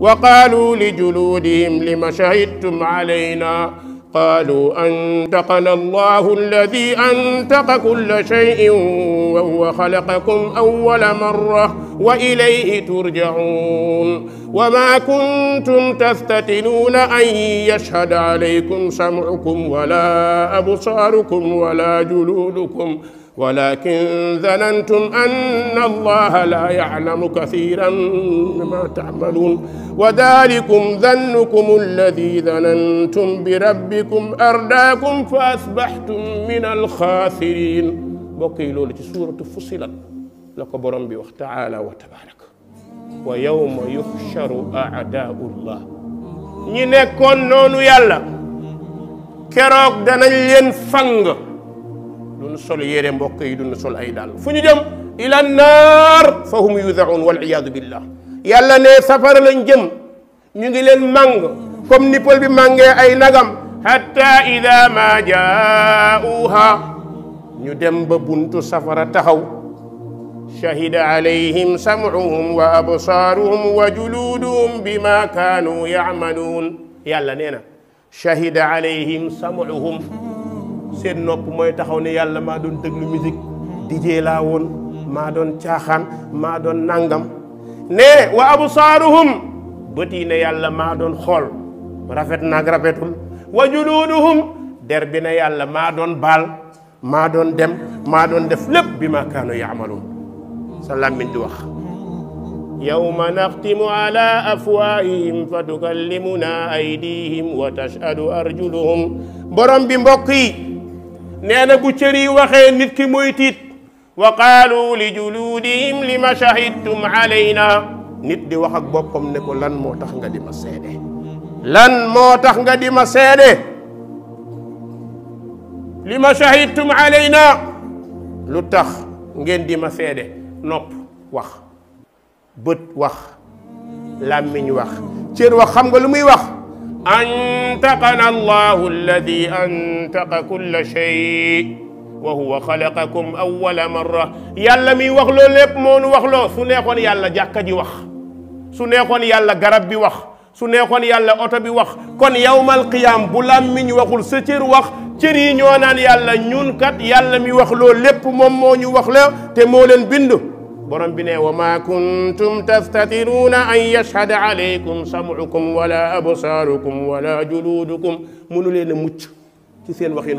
وقالوا لجلودهم لم شهدتم علينا قالوا أنتقنا الله الذي أنتق كل شيء وهو خلقكم أول مرة وإليه ترجعون وما كنتم تفتتنون أن يشهد عليكم سمعكم ولا أبصاركم ولا جلودكم ولكن ظننتم أن الله لا يعلم كثيرا مما تعملون وذلكم ظنكم الذي ظننتم بربكم أرداكم فأصبحتم من الخاسرين بقيلوا لك سورة فصلا لك بوقت تعالى وتبارك ويوم يحشر أعداء الله ñi nekkoon noonu yàlla keroog danañ duñu sol yére mbokk yi duñu sol ay dàll fu ñu jëm ila naar fa hum yudaun wal iyaadu billah yàlla ne safara lañ jëm ñu ngi leen màng comme ni pël bi màngee ay nagam hatta ida ma jaauha ñu dem ba buntu safara taxaw shahida alayhim sam'uhum wa absaaruhum wa juluuduhum bima kaanu ya'maluun yàlla nee na shahida alayhim sam'uhum seen nopp mooy taxaw ne yàlla maa doon déglu musique dijee laa woon maa doon caaxaan maa doon nangam ne wa absaaruhum bët yi ne yàlla maa doon xool rafet naag rafetul wa juluuduhum der bi na yàlla maa doon baal maa doon dem maa doon def lépp bi ma kaanu yaamaluun sa làmmiñ di wax yawma naxtimu ala afwaahihim fa tukallimuna aydihim wa tashhadu arjuluhum borom bi mbokk yi نانا بوتيري وخي نيت كي مويتيت وقالوا لجلودهم لما شهدتم علينا نيت دي واخ بوبام نيكو لان موتاخ nga ديما سيدي لان موتاخ nga ديما سيدي لما شهدتم علينا لوتاخ نين ديما سيدي نوب واخ بوت واخ لامين واخ تير واخ خمغا لوموي واخ أنتقنا الله الذي أنتق كل شيء وهو خلقكم أول مرة يلا مي وخلو لب مون وخلو سنيقون يلا جاكا جي وخ سنيقون يلا غرب بي وخ سنيقون يلا أوتا بي وخ كون يوم القيام بلام من وخل ستير وخ تيري نيوانان يلا نيون كات يلا مي وخلو لب مون مون وخلو تمولن بندو برم بنا وما كنتم تفتترون أن يشهد عليكم سمعكم ولا أبصاركم ولا جلودكم من لين متش كثير